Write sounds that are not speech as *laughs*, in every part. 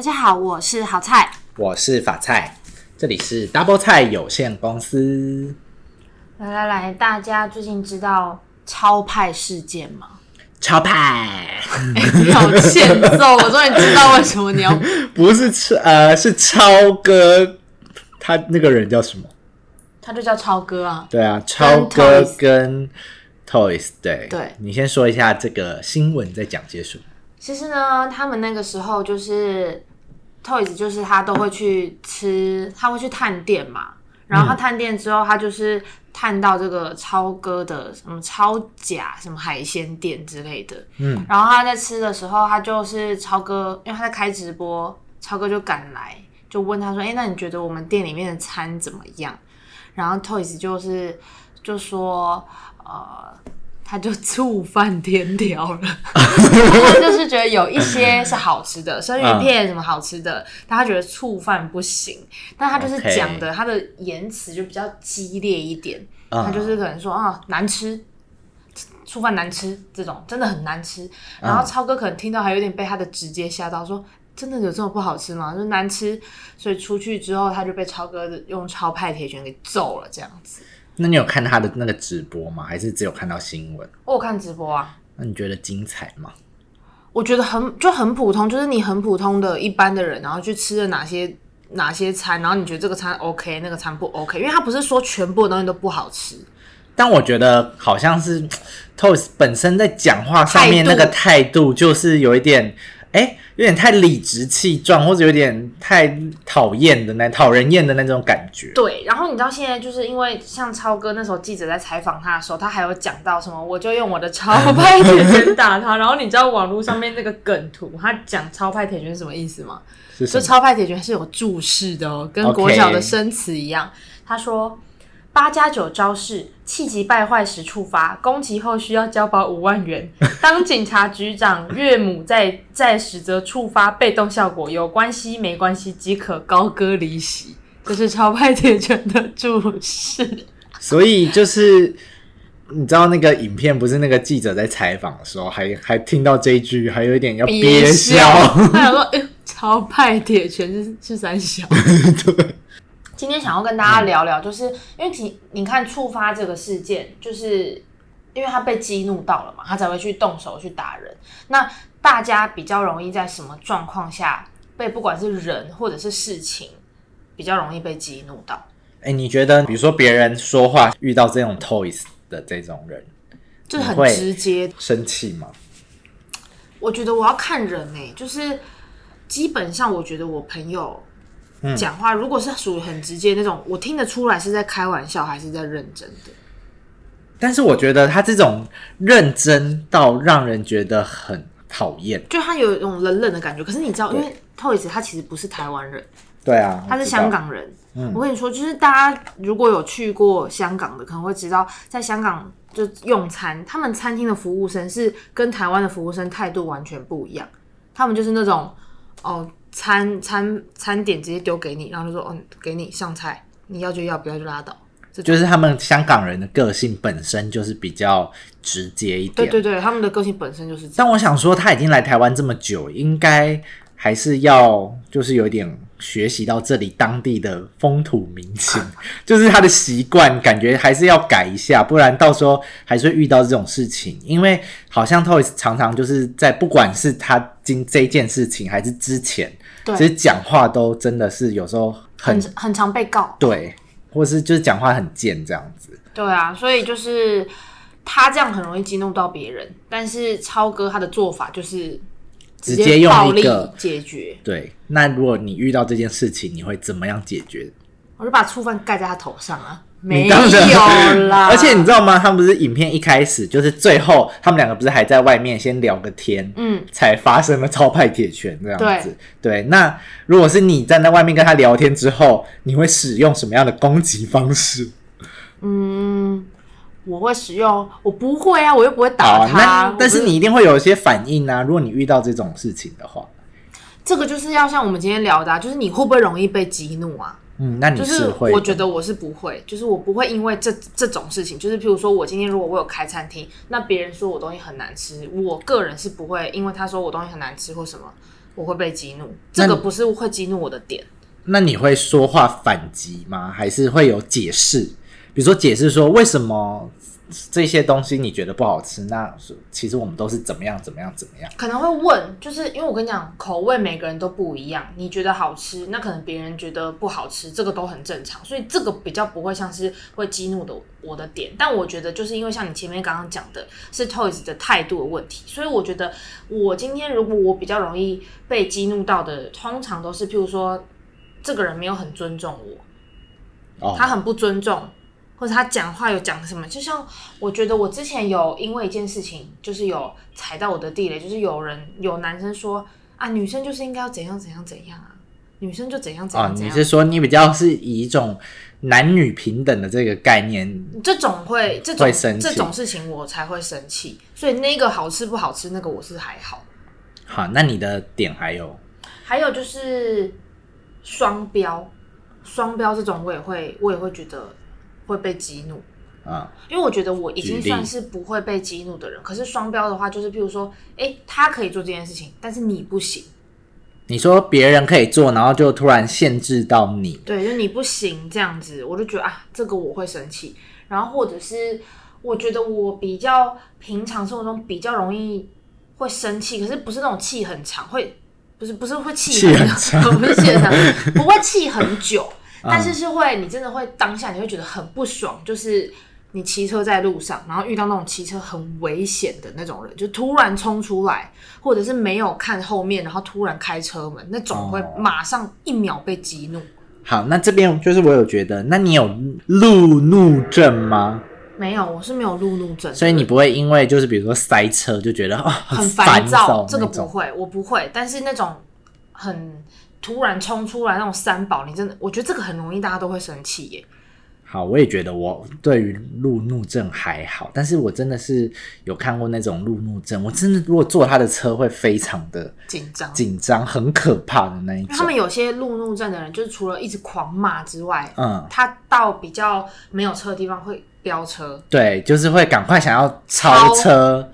大家好，我是好菜，我是法菜，這裡是 Double 菜有限公司。來來來，大家最近知道超派事件嗎？超派，欸、好欠揍！ *laughs* 我終於知道為什麼你要不是超呃，是超哥，他那個人叫什麼？他就叫超哥啊。對啊，超哥跟 Toys，對 Toys 對，對你先說一下這個新聞在講些什麼。其實呢，他們那個時候就是。Toys 就是他都會去吃，他會去探店嘛。然後他探店之後，他就是探到這個超哥的什麼超假什麼海鮮店之類的。嗯，然後他在吃的時候，他就是超哥，因為他在開直播，超哥就趕來就問他說：“哎、欸，那你覺得我們店裡面的餐怎麼樣？”然後 Toys 就是就說：“呃。”他就觸犯天條了， *laughs* *laughs* 他就是覺得有一些是好吃的，生魚片什麼好吃的，但他覺得醋飯不行，但他就是講的他的言辭就比較激烈一點，Okay. 他就是可能說啊難吃，醋飯難吃這種真的很難吃，然後超哥可能聽到還有點被他的直接嚇到說，說真的有這麼不好吃嗎？就難吃，所以出去之後他就被超哥用超派鐵拳給揍了這樣子。那你有看他的那個直播嗎？還是只有看到新聞？我有看直播啊。那你覺得精彩嗎？我覺得很就很普通，就是你很普通的一般的人，然後去吃了哪些哪些餐，然後你覺得這個餐 OK，那個餐不 OK，因為他不是說全部的東西都不好吃，但我覺得好像是 Toast 本身在講話上面那個態度就是有一點。哎，有點太理直氣壯，或者有點太討厭的那討人厭的那種感覺。對，然後你知道現在就是因為像超哥那時候記者在採訪他的時候，他還有講到什麼，我就用我的超派鐵拳打他。 *laughs* 然後你知道網絡上面那個梗圖， *laughs* 他講超派鐵拳是什麼意思嗎？是就是超派鐵拳是有注釋的哦，跟國小的生詞一樣。Okay. 他說。八加九招式，氣急敗壞時觸發，攻擊後需要交保五萬元。當警察局長岳母在在 *laughs* 時，則觸發被動效果，有關係沒關係即可高歌離席。這、就是超派鐵拳的註釋。所以就是你知道那個影片，不是那個記者在採訪的時候，還還聽到這一句，還有一點要憋笑，笑他想說，欸，超派鐵拳是是三小 *laughs* 對。今天想要跟大家聊聊，就是、嗯、因為你，你看觸發這個事件，就是因為他被激怒到了嘛，他才會去動手去打人。那大家比較容易在什麼狀況下被，不管是人或者是事情，比較容易被激怒到？哎、欸，你覺得，比如說別人說話、嗯、遇到這種 toys 的這種人，就是很直接生氣嗎？我覺得我要看人哎、欸，就是基本上，我覺得我朋友。講、話如果是屬於很直接那種，我聽得出來是在開玩笑還是在認真的。但是我覺得他這種認真到讓人覺得很討厭，就他有一種冷冷的感覺。可是你知道，對因為 TOYS，他其實不是台灣人，對啊，他是香港人。我,嗯、我跟你說，就是大家如果有去過香港的，可能會知道，在香港就用餐，他們餐廳的服務生是跟台灣的服務生態度完全不一樣，他們就是那種哦。餐餐餐點直接丟給你，然後就說：“嗯、哦，給你上菜，你要就要，不要就拉倒。這”這就是他們香港人的個性，本身就是比較直接一點。對對對，他們的個性本身就是。但我想說，他已經來台灣這麼久，應該還是要就是有點學習到這裡當地的風土民情，啊、就是他的習慣，感覺還是要改一下，不然到時候還是會遇到這種事情。因為好像 Toys 常常就是在，不管是他今這件事情，還是之前。對其實講話都真的是有時候很很，很常被告，對，或是就是講話很賤這樣子，對啊，所以就是他這樣很容易激怒到別人，但是超哥他的做法就是直接用暴力解決，對。那如果你遇到這件事情，你會怎麼樣解決？我就把醋飯蓋在他頭上啊。你當沒有啦，而且你知道嗎？他們不是影片一開始就是最後，他們兩個不是還在外面先聊個天，嗯，才發生了超派鐵拳這樣子。對，對，那如果是你站在外面跟他聊天之後，你會使用什麼樣的攻擊方式？嗯，我會使用，我不會啊，我又不會打他。會但是你一定會有一些反應啊，如果你遇到這種事情的話，這個就是要像我們今天聊的啊，就是你會不會容易被激怒啊？嗯，那你是會？就是我覺得我是不會，就是我不會因為這這種事情，就是比如說我今天如果我有開餐廳，那別人說我東西很難吃，我個人是不會因為他說我東西很難吃或什麼，我會被激怒，你這個不是會激怒我的點。那你會說話反擊嗎？還是會有解釋？比如說解釋說為什麼？這些東西你覺得不好吃，那其實我們都是怎麼樣怎麼樣怎麼樣。怎麼樣可能會問，就是因為我跟你講，口味每個人都不一樣。你覺得好吃，那可能別人覺得不好吃，這個都很正常。所以這個比較不會像是會激怒的我的點。但我覺得就是因為像你前面剛剛講的是 Toys 的態度的問題，所以我覺得我今天如果我比較容易被激怒到的，通常都是譬如說這個人沒有很尊重我，哦、他很不尊重。或者他講話有講什麼？就像我覺得我之前有因為一件事情，就是有踩到我的地雷，就是有人有男生說啊，女生就是應該要怎樣怎樣怎樣啊，女生就怎樣怎樣，怎樣，啊，你是說你比較是以一種男女平等的這個概念？這種會，這種會生氣這種事情我才會生氣。所以那個好吃不好吃，那個我是還好。好，啊，那你的點還有？還有就是雙標，雙標這種我也會我也會覺得。會被激怒啊，因為我覺得我已經算是不會被激怒的人。舉例。可是雙標的話，就是譬如說，哎，他可以做這件事情，但是你不行。你說別人可以做，然後就突然限制到你，對，就你不行這樣子，我就覺得啊，這個我會生氣。然後或者是我覺得我比較平常生活中比較容易會生氣，可是不是那種氣很長，會不是不是會氣很，氣很長，不會氣很久。 *laughs* 但是是會，嗯、你真的會當下你會覺得很不爽，就是你騎車在路上，然後遇到那種騎車很危險的那種人，就突然衝出來，或者是沒有看後面，然後突然開車門，那種會馬上一秒被激怒。哦、好，那這邊就是我有覺得，那你有路怒症嗎？沒有，我是沒有路怒症，所以你不會因為就是比如說塞車就覺得哦，很煩躁，這個不會，我不會，但是那種很。突然衝出來那種三寶，你真的，我覺得這個很容易，大家都會生氣耶。好，我也覺得，我對於路怒症還好，但是我真的是有看過那種路怒症，我真的如果坐他的車會非常的緊張，緊張，很可怕的那一種。他們有些路怒症的人，就是除了一直狂罵之外，嗯，他到比較沒有車的地方會飆車，對，就是會趕快想要超車，超，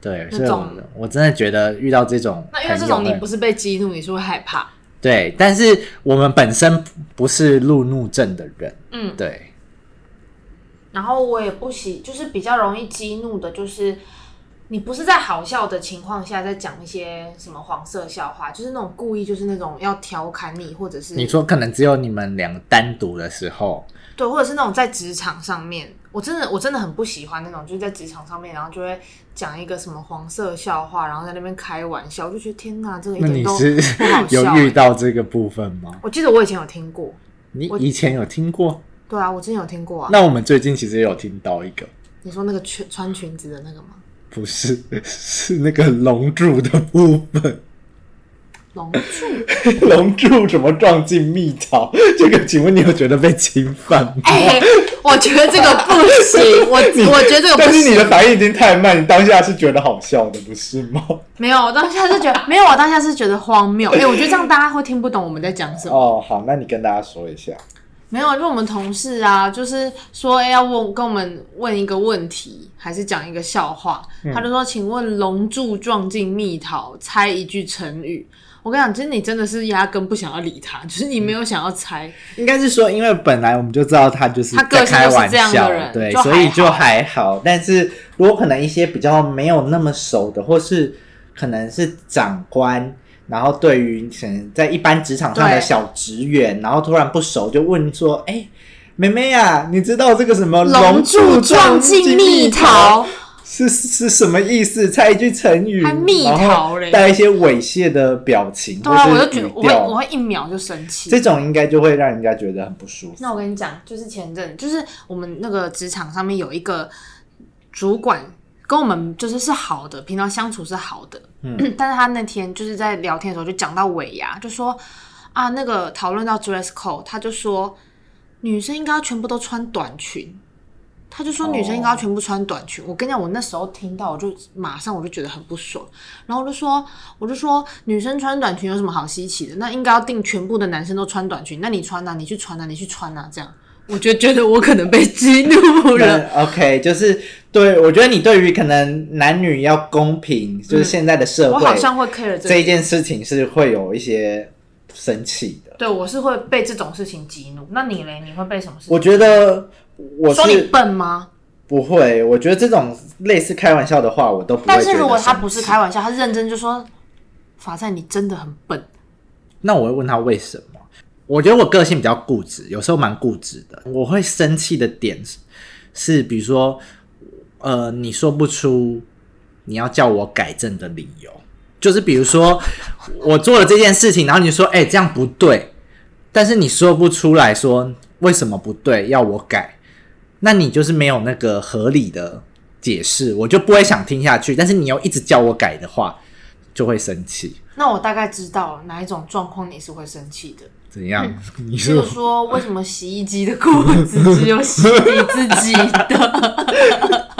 對，這種的，我真的覺得遇到這種，那因為這種你不是被激怒，你是會害怕。對，但是我們本身不是路怒症的人，嗯，對。然後我也不喜，就是比較容易激怒的，就是你不是在好笑的情況下在講一些什麼黃色笑話，就是那種故意，就是那種要調侃你，或者是你說可能只有你們兩個單獨的時候，對，或者是那種在職場上面。我真的我真的很不喜歡那種，就是在職場上面，然後就會講一個什麼黃色笑話，然後在那邊開玩笑，我就覺得天吶，這個你是有遇到這個部分嗎？我記得我以前有聽過，你以前有聽過？對啊，我真有聽過啊。那我們最近其實也有聽到一個，你說那個穿穿裙子的那個嗎？不是，是那個龍柱的部分。龍柱，龍 *laughs* 柱什麼撞進蜜桃？這個，請問你有覺得被侵犯嗎？欸欸 *laughs* 我覺得這個不行，我 *laughs* 你我覺得這個不行。但是你的反應已經太慢，你當下是覺得好笑的，不是嗎？ *laughs* 沒有，我當下是覺得，沒有，我當下是覺得荒謬。哎、欸，我覺得這樣大家會聽不懂我們在講什麼。哦，好，那你跟大家說一下。沒有，因為我們同事啊，就是說，欸、要問跟我們問一個問題，還是講一個笑話。嗯、他就說，請問龍柱撞進蜜桃，猜一句成語。我跟你講，其實你真的是壓根不想要理他，就是你沒有想要猜，嗯、應該是說，因為本來我們就知道他就是開玩笑，他個性就是這樣的人，對，所以就還好。但是如果可能一些比較沒有那麼熟的，或是可能是長官，然後對於可能在一般職場上的小職員，對然後突然不熟就問說：“誒、欸、妹妹呀、啊，你知道這個什麼龍柱撞進蜜桃。蜜桃」是是什麼意思？猜一句成語。還蜜桃嘞，帶一些猥褻的表情。對啊，我就覺得我會我會一秒就生氣。這種應該就會讓人家覺得很不舒服。那我跟你講，就是前陣，就是我們那個職場上面有一個主管跟我們就是是好的，平常相處是好的。嗯，但是他那天就是在聊天的時候就講到尾牙，就說啊那個討論到 dress code，他就說女生應該要全部都穿短裙。他就說女生應該要全部穿短裙，oh. 我跟你講，我那時候聽到，我就馬上我就覺得很不爽，然後我就說，我就說女生穿短裙有什麼好稀奇的？那應該要定全部的男生都穿短裙，那你穿啊，你去穿啊，你去穿啊，這樣，我就覺得我可能被激怒了。Mm, OK，就是對，我覺得你對於可能男女要公平，mm, 就是現在的社會，我好像會 care 這，這一件事情是會有一些生氣的。對，我是會被這種事情激怒。那你嘞？你會被什麼事情？我覺得。我說你笨嗎？不會，我覺得這種類似開玩笑的話，我都不會。但是如果他不是開玩笑，他認真就說：“法善，你真的很笨。”那我會問他為什麼？我覺得我個性比較固執，有時候蠻固執的。我會生氣的點是，比如說，呃，你說不出你要叫我改正的理由，就是比如說我做了這件事情，然後你說：“哎，這樣不對。”但是你說不出來說為什麼不對，要我改。那你就是沒有那個合理的解釋，我就不會想聽下去。但是你要一直叫我改的話，就會生氣。那我大概知道哪一種狀況你是會生氣的。怎樣？你是就是說，為什麼洗衣機的褲子只有洗你自己的？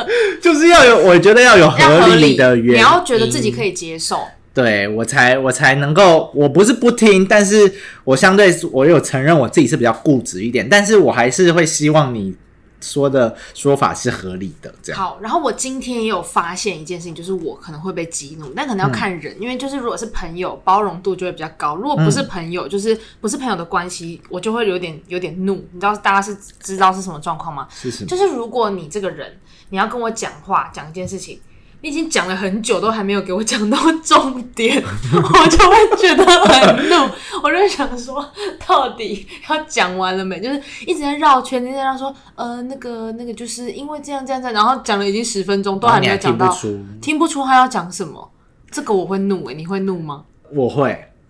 *laughs* *laughs* 就是要有，我覺得要有合理的原因，你要覺得自己可以接受，對我才我才能夠。我不是不聽，但是我相對我有承認我自己是比較固執一點，但是我還是會希望你。說的說法是合理的，這樣。好，然後我今天也有發現一件事情，就是我可能會被激怒，但可能要看人，嗯、因為就是如果是朋友，包容度就會比較高；如果不是朋友，嗯、就是不是朋友的關係，我就會有點有點怒。你知道大家是知道是什麼狀況嗎？是什麼？就是如果你這個人，你要跟我講話，講一件事情。你已經講了很久，都還沒有給我講到重點， *laughs* 我就會覺得很怒。 *laughs* 我就想說，到底要講完了沒？就是一直在繞圈，一直在說，呃，那個那個，就是因為這樣這樣這樣，然後講了已經十分鐘，都還沒有講到，還聽不出他要講什麼。這個我會怒、欸，哎，你會怒嗎？我會。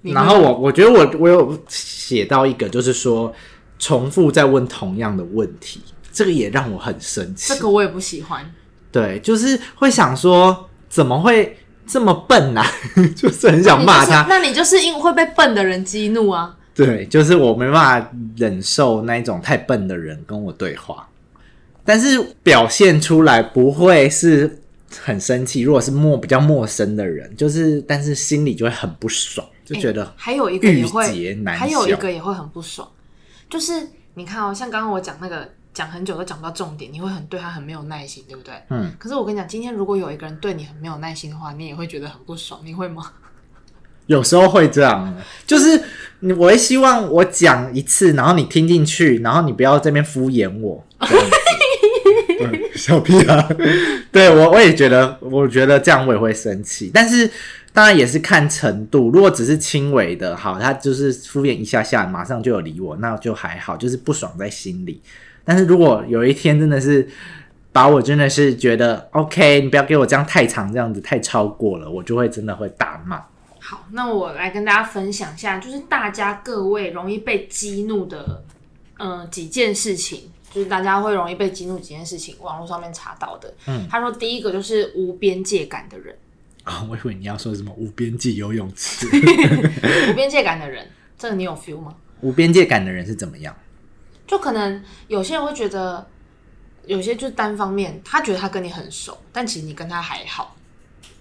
會然後我我覺得我我有寫到一個，就是說重複在問同樣的問題，這個也讓我很生氣。這個我也不喜歡。對，就是會想說怎麼會這麼笨吶、啊， *laughs* 就是很想罵他。那你就是因為會被笨的人激怒啊？對，就是我沒辦法忍受那一種太笨的人跟我對話，但是表現出來不會是很生氣。如果是陌比較陌生的人，就是但是心裡就會很不爽，就覺得、欸、還有一個也會，難還有一個也會很不爽。就是你看哦，像剛剛我講那個。講很久都講不到重點，你會很對他很沒有耐心，對不對？嗯。可是我跟你講，今天如果有一個人對你很沒有耐心的話，你也會覺得很不爽，你會嗎？有時候會這樣，就是我會希望我講一次，然後你聽進去，然後你不要這邊敷衍我。對，小屁啊！ *laughs* *laughs* *laughs* 對我我也覺得，我覺得這樣我也會生氣，但是當然也是看程度。如果只是輕微的，好，他就是敷衍一下下，馬上就有理我，那就還好，就是不爽在心裡。但是如果有一天真的是把我真的是覺得 OK，你不要給我這樣太長這樣子太超過了，我就會真的會大罵。好，那我來跟大家分享一下，就是大家各位容易被激怒的，嗯、呃，幾件事情，就是大家會容易被激怒幾件事情，網絡上面查到的。嗯，他說第一個就是無邊界感的人。我以為你要說什麼無邊際游泳池。 *laughs* 無邊界感的人，這個你有 feel 嗎？無邊界感的人是怎麼樣？就可能有些人會覺得，有些就是單方面，他覺得他跟你很熟，但其實你跟他還好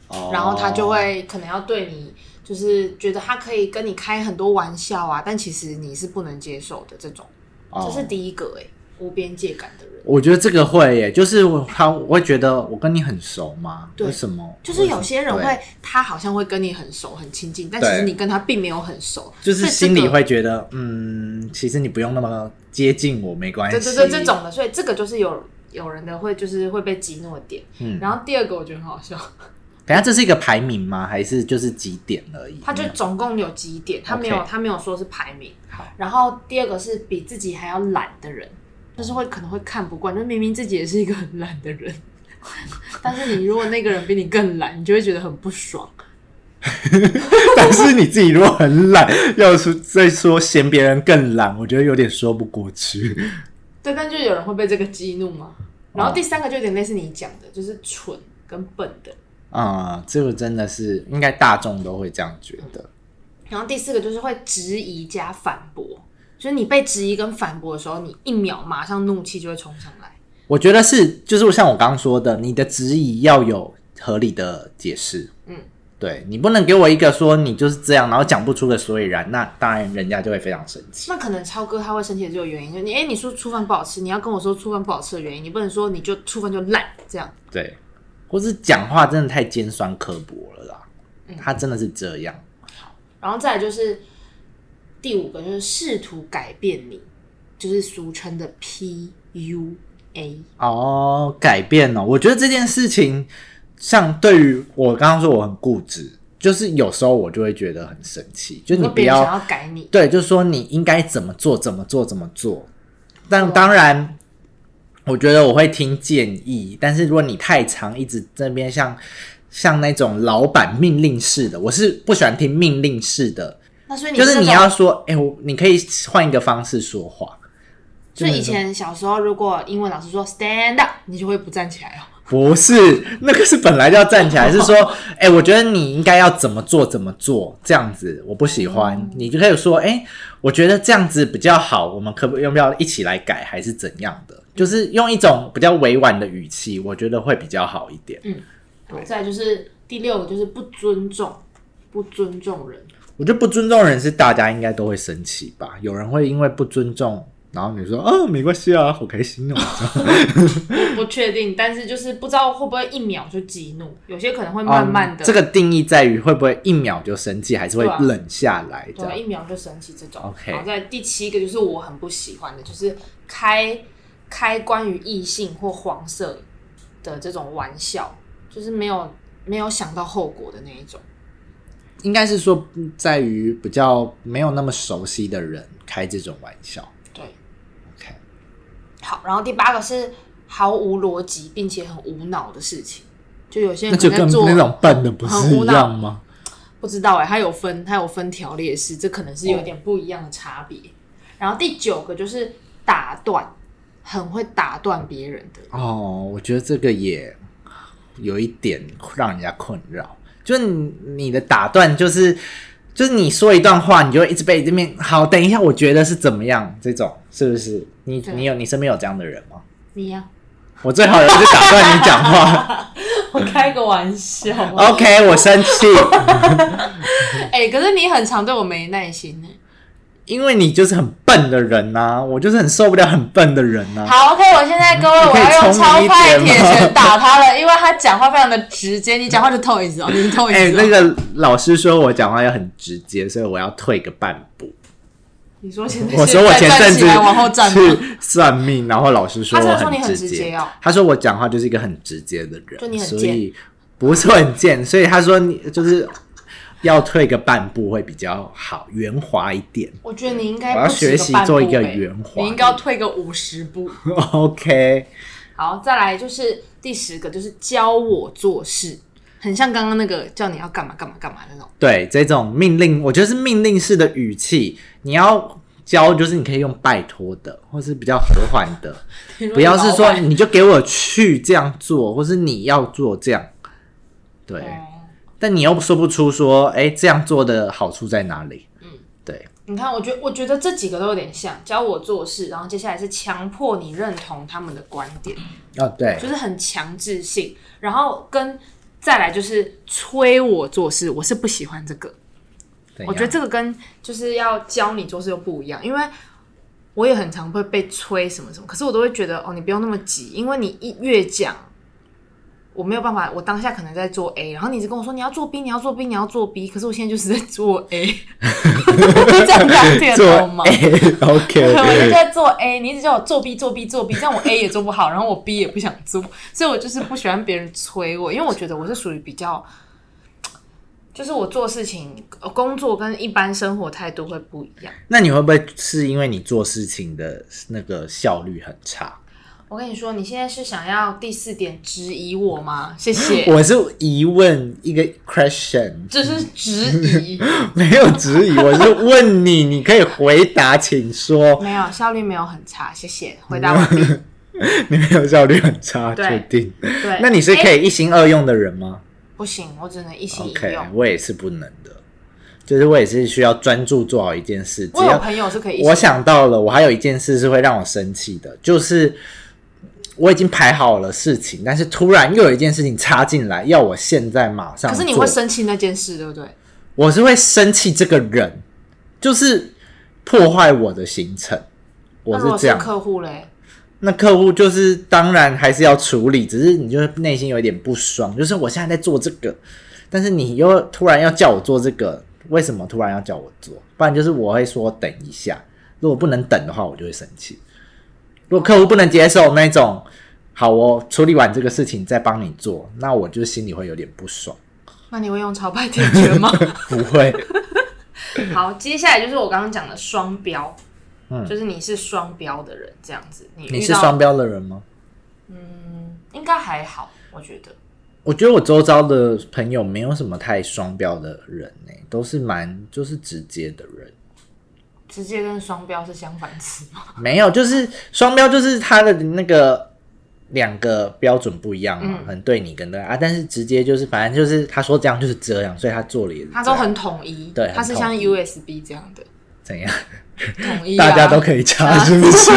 ，Oh. 然後他就會可能要對你，就是覺得他可以跟你開很多玩笑啊，但其實你是不能接受的這種，Oh. 這是第一個誒、欸無邊界感的人，我覺得這個會耶，就是我他我會覺得我跟你很熟嗎？對為什麼？就是有些人會對他好像會跟你很熟很親近，但其實對你跟他並沒有很熟，就是心裡會覺得、這個、嗯，其實你不用那麼接近我，沒關係。對對對，這種的，所以這個就是有有人的會就是會被激怒的點。嗯，然後第二個我覺得很好笑，等一下這是一個排名嗎？還是就是幾點而已？他就總共有幾點？他沒有 Okay. 他沒有說是排名。好，然後第二個是比自己還要懶的人。就是會可能會看不慣，就明明自己也是一個很懶的人，但是你如果那個人比你更懶，你就會覺得很不爽。 *laughs* 但是你自己如果很懶，要是再說嫌別人更懶，我覺得有點說不過去。對，但就有人會被這個激怒嗎？然後第三個就有點類似你講的，嗯、就是蠢跟笨的。啊、嗯，這個真的是應該大眾都會這樣覺得。然後第四個就是會質疑加反駁。所以你被質疑跟反駁的時候，你一秒馬上怒氣就會衝上來。我覺得是，就是像我剛剛說的，你的質疑要有合理的解釋。嗯，對，你不能給我一個說你就是這樣，然後講不出個所以然，那當然人家就會非常生氣。那可能超哥他會生氣的就有原因，就哎、欸，你說醋飯不好吃，你要跟我說醋飯不好吃的原因，你不能說你就醋飯就爛這樣。對，或是講話真的太尖酸刻薄了啦，嗯、他真的是這樣。好、嗯，然後再來就是。第五個就是試圖改變你，就是俗稱的 PUA 哦，改變哦。我覺得這件事情，像對於我剛剛說我很固執，就是有時候我就會覺得很神奇，就是、你不要要改你，對，就是說你應該怎麼做怎麼做怎麼做。但當然，我覺得我會聽建議，但是如果你太常一直這邊像像那種老板命令式的，我是不喜歡聽命令式的。是就是你要說，哎、欸，我你可以換一個方式說話。所以以前小時候，如果英文老師說 stand up，你就會不站起來哦。不是，那個是本來就要站起來， *laughs* 是說，哎、欸，我覺得你應該要怎麼做怎麼做，這樣子我不喜歡。嗯、你就可以說，哎、欸，我覺得這樣子比較好，我們可不用不要一起來改，還是怎樣的？嗯、就是用一種比較委婉的語氣，我覺得會比較好一點。嗯，好，再就是對第六個，就是不尊重，不尊重人。我覺得不尊重的人是大家應該都會生氣吧？有人會因為不尊重，然後你說哦沒關係啊，好開心哦。我 *laughs* 不確定，但是就是不知道會不會一秒就激怒，有些可能會慢慢的。嗯、這個定義在於會不會一秒就生氣，還是會冷下來。對，啊、樣對，一秒就生氣這種。OK 好。好在第七個就是我很不喜歡的，就是開開關於異性或黃色的這種玩笑，就是沒有沒有想到後果的那一種。應該是說，在於比較沒有那麼熟悉的人開這種玩笑。對，OK。好，然後第八個是毫無邏輯並且很無腦的事情，就有些人那就跟做那種笨的，不是一樣嗎？不知道哎、欸，他有分，他有分條列式，這可能是有點不一樣的差別。哦、然後第九個就是打斷，很會打斷別人的。哦，我覺得這個也有一點讓人家困擾。就你的打斷，就是就是你說一段話，你就會一直被這邊，好等一下，我覺得是怎麼樣？這種是不是？你對你有你身邊有這樣的人嗎？你呀要，我最好的就是打斷你講話。 *laughs* 我開個玩笑。 *laughs* OK，我生氣。哎、 *laughs* 欸，可是你很常對我沒耐心。因為你就是很笨的人吶、啊，我就是很受不了很笨的人吶、啊。好，OK，我現在各位，嗯、我要用超派鐵拳打他了， *laughs* 因為他講話非常的直接，你講話就透一次哦，你透一次。哎、欸，那個老師說我講話又很直接，所以我要退個半步。你說前，我說我前陣子去算，算命，然後老師說我很直接哦，他說，接喔、他說我講話就是一個很直接的人，所以不是很賤，所以他說你就是。要退個半步會比較好，圓滑一點。我覺得你應該、欸、我要學習做一個圓滑。你應該要退個五十步。 *laughs* OK，好，再來就是第十個，就是教我做事，很像剛剛那個叫你要幹嘛幹嘛幹嘛那種。對，這種命令，我覺得是命令式的語氣。你要教，就是你可以用拜托的，或是比較和緩的，不要是說你就給我去這樣做，或是你要做這樣，對。嗯但你又說不出說，欸，這樣做的好處在哪裡？嗯，對。你看，我覺得我覺得這幾個都有點像教我做事，然後接下來是強迫你認同他們的觀點。哦，對，就是很強制性。然後跟再來就是催我做事，我是不喜歡這個。怎樣？我覺得這個跟就是要教你做事又不一樣，因為我也很常會被催什麼什麼，可是我都會覺得哦，你不用那麼急，因為你一越講。我沒有辦法，我當下可能在做 A，然後你一直跟我說你要做 B，你要做 B，你要做 B，你要做 B，可是我現在就是在做 A， *laughs* 這樣聊天好嗎？OK，我就在做 A，你一直叫我做 B，做 B，做 B，這樣我 A 也做不好， *laughs* 然後我 B 也不想做，所以我就是不喜歡別人催我，因為我覺得我是屬於比較，就是我做事情工作跟一般生活態度會不一樣。那你會不會是因為你做事情的那個效率很差？我跟你說，你現在是想要第四點質疑我嗎？謝謝。我是疑問一個 question，這是質疑，沒有質疑，我是問你，你可以回答，請說。沒有效率，沒有很差，謝謝。回答完畢，你沒有效率很差，確定？對。那你是可以一心二用的人嗎？不行，我只能一心一用。OK，我也是不能的，就是我也是需要專注做好一件事。我有朋友是可以一心二用。我想到了，我還有一件事是會讓我生氣的，就是。我已經排好了事情，但是突然又有一件事情插進來，要我現在馬上。可是你會生氣那件事，對不對？我是會生氣這個人，就是破壞我的行程。我是這樣。客戶嘞？那客戶就是當然還是要處理，只是你就內心有一點不爽。就是我現在在做這個，但是你又突然要叫我做這個，為什麼突然要叫我做？不然就是我會說等一下，如果不能等的話，我就會生氣。如果客戶不能接受那種，好、哦，我處理完這個事情再幫你做，那我就心裡會有點不爽。那你會用超派解決嗎？ *laughs* 不會。 *laughs* 好，接下來就是我剛剛講的雙標，嗯，就是你是雙標的人這樣子。你，你是雙標的人嗎？嗯，應該還好，我覺得。我覺得我周遭的朋友沒有什麼太雙標的人呢、欸，都是蠻就是直接的人。直接跟雙標是相反詞嗎？沒有，就是雙標就是他的那個兩個標準不一樣嘛，嗯、很對你跟對啊，但是直接就是反正就是他說這樣就是這樣，所以他做了也。他都很統一，對，他是像 USB 這樣的，怎樣統一、啊？ *laughs* 大家都可以插，是不是？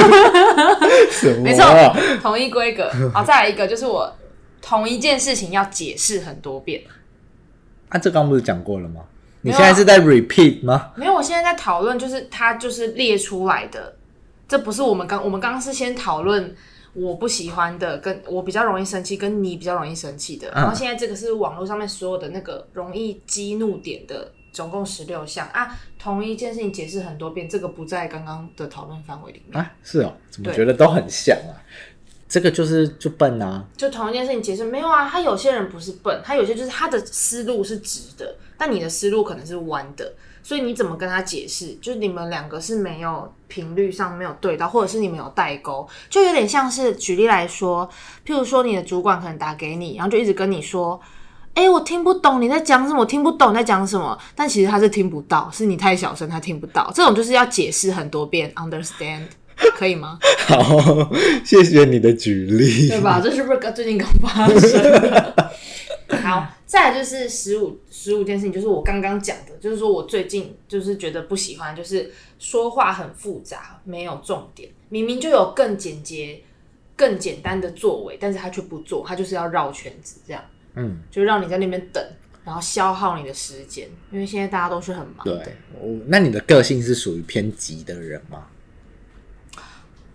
沒錯，統一規格。好、 *laughs* 哦，再來一個，就是我同一件事情要解釋很多遍啊，這剛、個、不是講過了嗎？你現在是在 repeat 嗎？沒有啊，沒有，我現在在討論，就是他就是列出來的，這不是我們剛我們剛剛是先討論我不喜歡的，跟我比較容易生氣，跟你比較容易生氣的，然後現在這個是網絡上面所有的那個容易激怒點的，總共十六項啊，同一件事情解釋很多遍，這個不在剛剛的討論範圍裡面啊，是哦，對，怎麼覺得都很像啊？這個就是就笨啊，就同一件事情解釋沒有啊？他有些人不是笨，他有些就是他的思路是直的，但你的思路可能是彎的，所以你怎麼跟他解釋？就是你們兩個是沒有頻率上沒有對到，或者是你們有代溝，就有點像是舉例來說，譬如說你的主管可能打給你，然後就一直跟你說：“誒、欸，我聽不懂你在講什麼，我聽不懂你在講什麼。”但其實他是聽不到，是你太小聲，他聽不到。這種就是要解釋很多遍，understand。可以嗎？好，謝謝你的舉例，對吧？這是不是剛最近剛發生的？ *laughs* 好，再來就是十五十五件事情，就是我剛剛講的，就是說我最近就是覺得不喜歡，就是說話很複雜，沒有重點，明明就有更簡潔、更簡單的作為，但是他卻不做，他就是要繞圈子這樣，嗯，就讓你在那邊等，然後消耗你的時間，因為現在大家都是很忙的。對，那你的個性是屬於偏激的人嗎？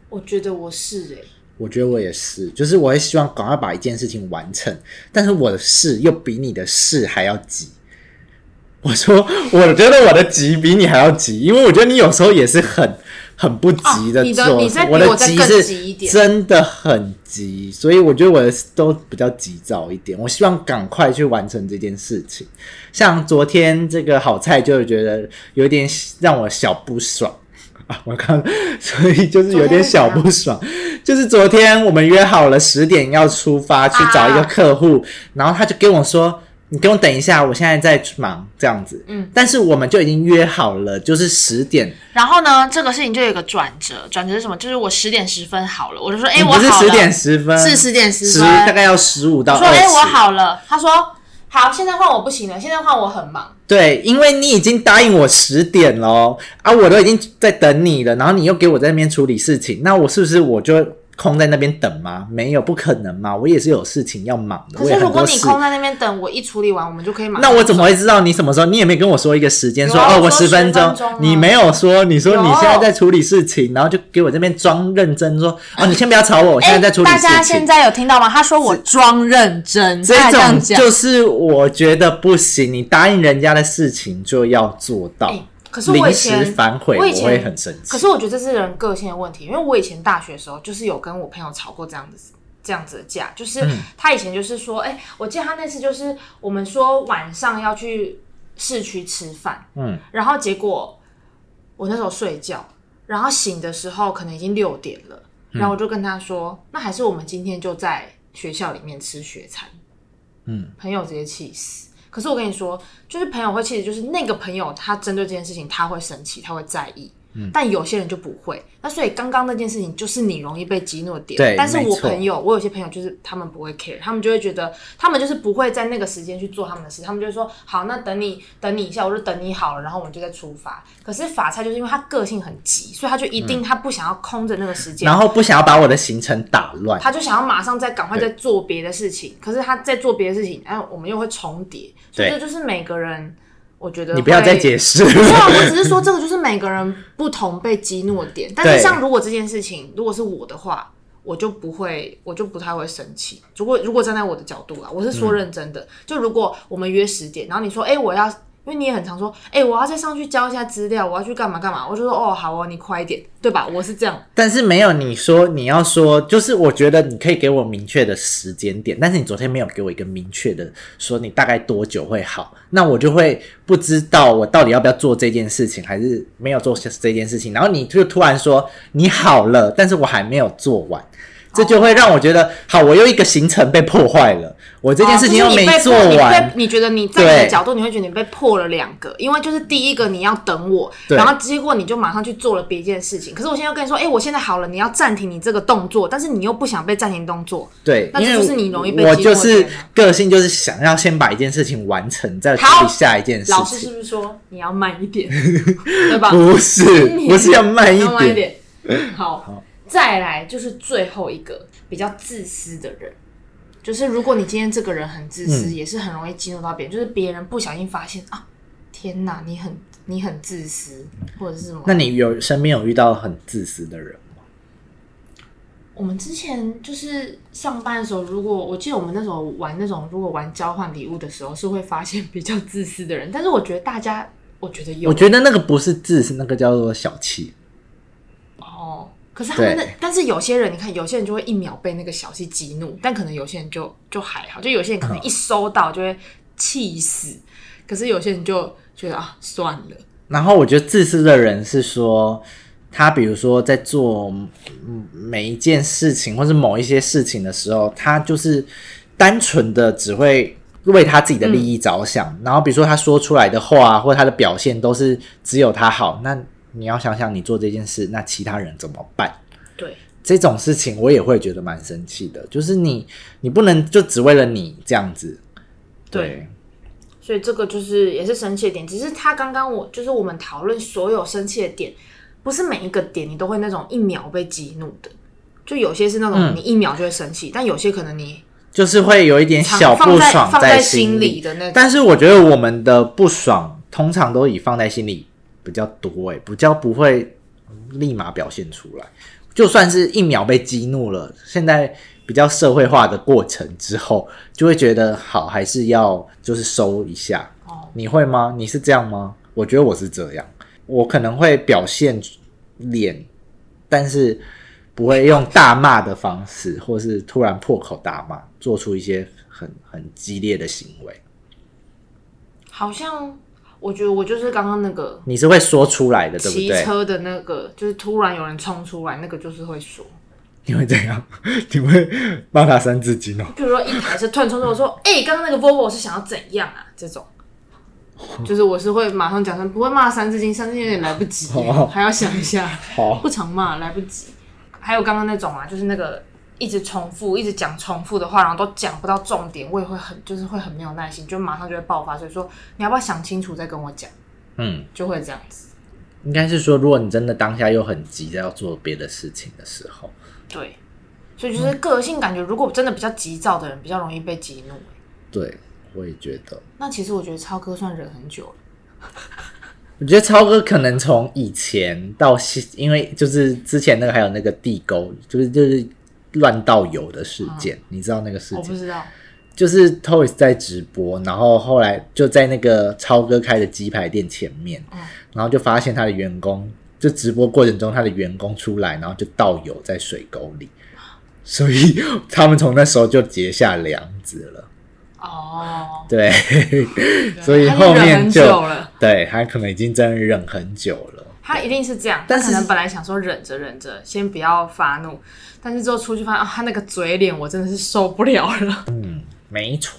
我覺得我是哎、欸，我覺得我也是，就是我也希望趕快把一件事情完成，但是我的事又比你的事還要急。我說，我覺得我的急比你還要急，因為我覺得你有時候也是很很不急的做，我的急是真的很急，所以我覺得我的都比較急躁一點，我希望趕快去完成這件事情。像昨天這個好菜，就覺得有點讓我小不爽。啊，我剛，所以就是有點小不爽，就是昨天我們約好了十點要出發去找一個客戶，然後他就跟我說：“你給我等一下，我現在在忙。”這樣子，嗯，但是我們就已經約好了，就是十點。然後呢，這個事情就有一個轉折，轉折是什麼？就是我十點十分好了，我就說：“哎，我好了。”不是十點十分，是十點十分，大概要十五到二十。說：“哎，我好了。”他說。好，現在換我不行了。現在換我很忙。對，因為你已經答應我十點了啊，我都已經在等你了，然後你又給我在那邊處理事情，那我是不是我就？空在那邊等嗎？沒有，不可能嘛。我也是有事情要忙的。可是如果你空在那邊等，我一處理完，我們就可以忙。那我怎麼會知道你什麼時候？你也沒跟我說一個時間，啊、說哦，我十分鐘。分你沒有說，你說你現在在處理事情，有然後就給我這邊裝認真說，說哦，你先不要吵我，我現在在處理事情。欸、大家現在有聽到嗎？他說我裝認真，是這，這種就是我覺得不行。你答應人家的事情就要做到。欸可是我以前，臨時反悔，我以前很生氣。可是我覺得這是人個性的問題，因為我以前大學的時候，就是有跟我朋友吵過這樣的、這樣子的架。就是他以前就是說，哎、嗯欸，我記得他那次就是我們說晚上要去市區吃飯，嗯，然後結果我那時候睡覺，然後醒的時候可能已經六點了，然後我就跟他說，嗯、那還是我們今天就在學校裡面吃學餐。嗯，朋友直接氣死。可是我跟你說，就是朋友會，氣的就是那個朋友，他針對這件事情，他會生氣，他會在意。但有些人就不會，那所以剛剛那件事情就是你容易被激怒的點。對但是我朋友，錯我有些朋友就是他們不會 care，他們就會覺得他們就是不會在那個時間去做他們的事，他們就說好，那等你等你一下，我就等你好了，然後我們就再出發。可是法菜就是因為他個性很急，所以他就一定、嗯、他不想要空着那個時間，然後不想要把我的行程打亂，他就想要馬上再趕快再做別的事情。對可是他在做別的事情，哎，我們又會重疊，所以這就是每個人。我覺得你不要再解釋。沒有，我只是說這個就是每個人不同被激怒的點。 *laughs* 但是像如果這件事情如果是我的話，我就不會，我就不太會生氣。如果如果站在我的角度啊，我是說認真的。嗯、就如果我們約十點，然後你說，哎、欸，我要。因為你也很常說，誒、欸，我要再上去交一下資料，我要去幹嘛幹嘛，我就說，哦，好哦，你快一點，對吧？我是這樣，但是沒有你說你要說，就是我覺得你可以給我明確的時間點，但是你昨天沒有給我一個明確的說你大概多久會好，那我就會不知道我到底要不要做這件事情，還是沒有做這件事情，然後你就突然說你好了，但是我還沒有做完，好這就會讓我覺得，好，我又一個行程被破壞了。我這件事情又沒做完，你被你覺得你在這個的角度，你會覺得你被破了兩個，因為就是第一個你要等我，然後結果你就馬上去做了別一件事情。可是我現在要跟你說，哎，我現在好了，你要暫停你這個動作，但是你又不想被暫停動作，對，那這就是你容易被。我就是個性就是想要先把一件事情完成，再處理下一件事情。老師是不是說你要慢一點，對吧？不是，我是要慢一點，慢一點。好，再來就是最後一個比較自私的人。就是如果你今天這個人很自私，嗯、也是很容易激怒到別人。就是別人不小心發現啊，天哪，你很你很自私，或者是什麼？那你有身邊有遇到很自私的人嗎？我們之前就是上班的時候，如果我記得我們那時候玩那種，如果玩交換禮物的時候，是會發現比較自私的人。但是我覺得大家，我覺得有，我覺得那個不是自私，那個叫做小氣。可是他們的，對但是有些人，你看，有些人就會一秒被那個小事激怒，但可能有些人就就還好，就有些人可能一收到就會氣死，嗯、可是有些人就覺得啊，算了。然後我覺得自私的人是說，他比如說在做每一件事情，或是某一些事情的時候，他就是單純的只會為他自己的利益着想，嗯、然後比如說他說出來的話，或他的表現都是只有他好，那。你要想想，你做這件事，那其他人怎麼辦？對這種事情，我也會覺得蠻生氣的。就是你，你不能就只為了你這樣子。對，對所以這個就是也是生氣的點。只是他剛剛我就是我們討論所有生氣的點，不是每一個點你都會那種一秒被激怒的，就有些是那種你一秒就會生氣，嗯，但有些可能你就是會有一點小不爽在心裡，放在放在心裡的那種。但是我覺得我們的不爽通常都已放在心裡。比較多哎、欸，比較不會立馬表現出來。就算是一秒被激怒了，現在比較社會化的過程之後，就會覺得好，還是要就是收一下。你會嗎？你是這樣嗎？我覺得我是這樣，我可能會表現臉，但是不會用大罵的方式，或是突然破口大罵，做出一些很很激烈的行為。好像。我覺得我就是剛剛那個，你是會說出來的，對不對？騎車的那個，就是突然有人衝出來，那個就是會說。你會怎樣？你會罵他三字經哦、喔？比如說一台車突然衝出，我說：“哎、欸，剛剛那個 Volvo 是想要怎樣啊？”這種，就是我是會馬上講出，不會罵三字經，三字經有點來不及，還要想一下，不常罵來不及。還有剛剛那種啊，就是那個。一直重複，一直講重複的話，然後都講不到重點，我也會很就是會很沒有耐心，就馬上就會爆發。所以說，你要不要想清楚再跟我講？嗯，就會這樣子。應該是說，如果你真的當下又很急着要做別的事情的時候，對，所以就是個性感覺，如果真的比較急躁的人，嗯，比較容易被激怒。對，我也覺得。那其實我覺得超哥算忍很久了。 *laughs* 我覺得超哥可能從以前到現，因為就是之前那個還有那個地溝，就是就是。亂倒油的事件，嗯、你知道那個事件？我不知道。就是 Toys 在直播，然後後來就在那個超哥開的雞排店前面，嗯、然後就發現他的員工，就直播過程中他的員工出來，然後就倒油在水溝裡。所以他們從那時候就結下梁子了。哦，對， *laughs* 對，所以後面就，他就對他可能已經真的忍很久了。他一定是這樣，但是他可能本來想說忍着忍着，先不要發怒，但是之後出去發現啊，他那個嘴臉，我真的是受不了了。嗯，沒錯。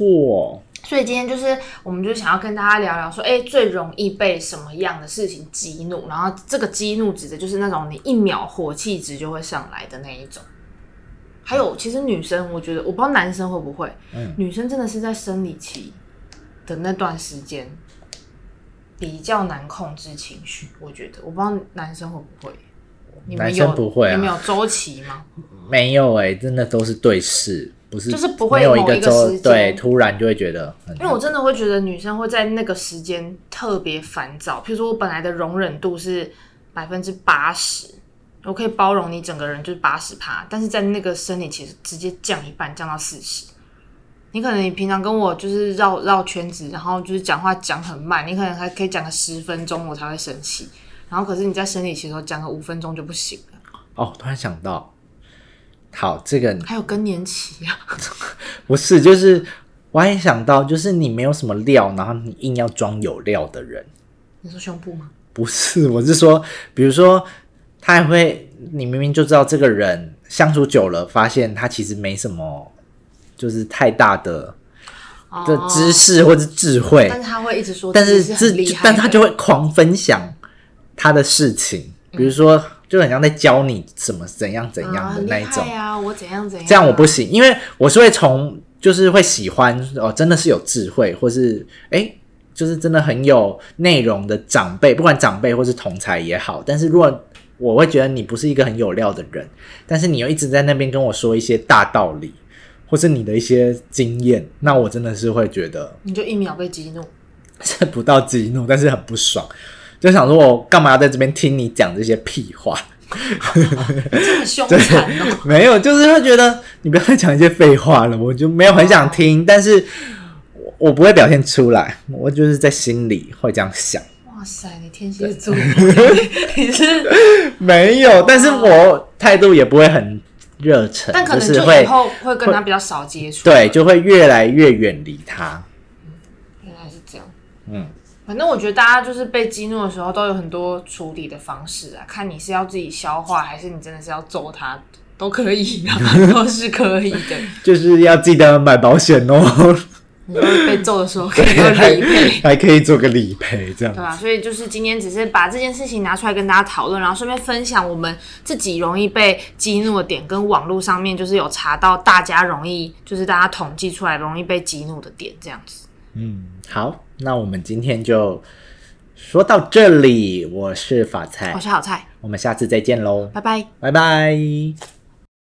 所以今天就是我們就想要跟大家聊聊說，哎、欸，最容易被什麼樣的事情激怒？然後這個激怒指的就是那種你一秒火氣值就會上來的那一種。嗯、還有，其實女生，我覺得我不知道男生會不會，嗯、女生真的是在生理期的那段時間。比較難控制情緒，我覺得我不知道男生會不會。你們有男生不會啊？你沒有周期嗎？沒有哎、欸，真的都是對視，不是就是不會有一個周對，突然就會覺得。因為我真的會覺得女生會在那個時間特別煩躁。譬如說我本來的容忍度是百分之八十，我可以包容你整個人就是八十趴，但是在那個生理其實直接降一半，降到四十。你可能你平常跟我就是繞繞圈子，然後就是講話講很慢，你可能還可以講個十分鐘我才會生氣，然後可是你在生理期的時候講個五分鐘就不行了。哦，突然想到，好，這個還有更年期啊？不是，就是，我還想到就是你沒有什麼料，然後你硬要裝有料的人。你說胸部嗎？不是，我是說，比如說他還會，你明明就知道這個人相處久了，發現他其實沒什麼。就是太大的，哦、的知識或者是智慧，但是他會一直說，但是但他就會狂分享他的事情，嗯、比如說，就好像在教你怎麼怎樣怎樣的那一種啊，啊，我怎樣怎樣、啊，這樣我不行，因為我是會從就是會喜歡哦，真的是有智慧，或是哎、欸，就是真的很有內容的長輩，不管長輩或是同儕也好，但是如果我會覺得你不是一個很有料的人，但是你又一直在那邊跟我說一些大道理。或是你的一些經驗，那我真的是會覺得，你就一秒被激怒，是不到激怒，但是很不爽，就想說我干嘛要在這邊聽你講這些屁話？這麼兇殘、喔、對、沒有，就是會覺得你不要再講一些廢話了，我就沒有很想聽，哇但是我我不會表現出來，我就是在心裡會這樣想。哇塞，你天蠍座，對 *laughs* 你是沒有，哇但是我態度也不會很。但可能就以後會跟他比較少接觸，對，就會越來越遠離他、嗯。原來是這樣，嗯、反正我覺得大家就是被激怒的時候都有很多處理的方式啊，看你是要自己消化，還是你真的是要揍他，都可以，都是可以的， *laughs* 就是要記得買保險哦、喔。你被揍的時候可以理賠， *laughs* 還可以做個理賠這樣子，對吧、啊？所以就是今天只是把這件事情拿出來跟大家討論，然後順便分享我們自己容易被激怒的點，跟網絡上面就是有查到大家容易就是大家統計出來容易被激怒的點這樣子。嗯，好，那我們今天就說到這裡。我是法菜，我是好菜，我們下次再見嘍，拜拜 bye，拜拜。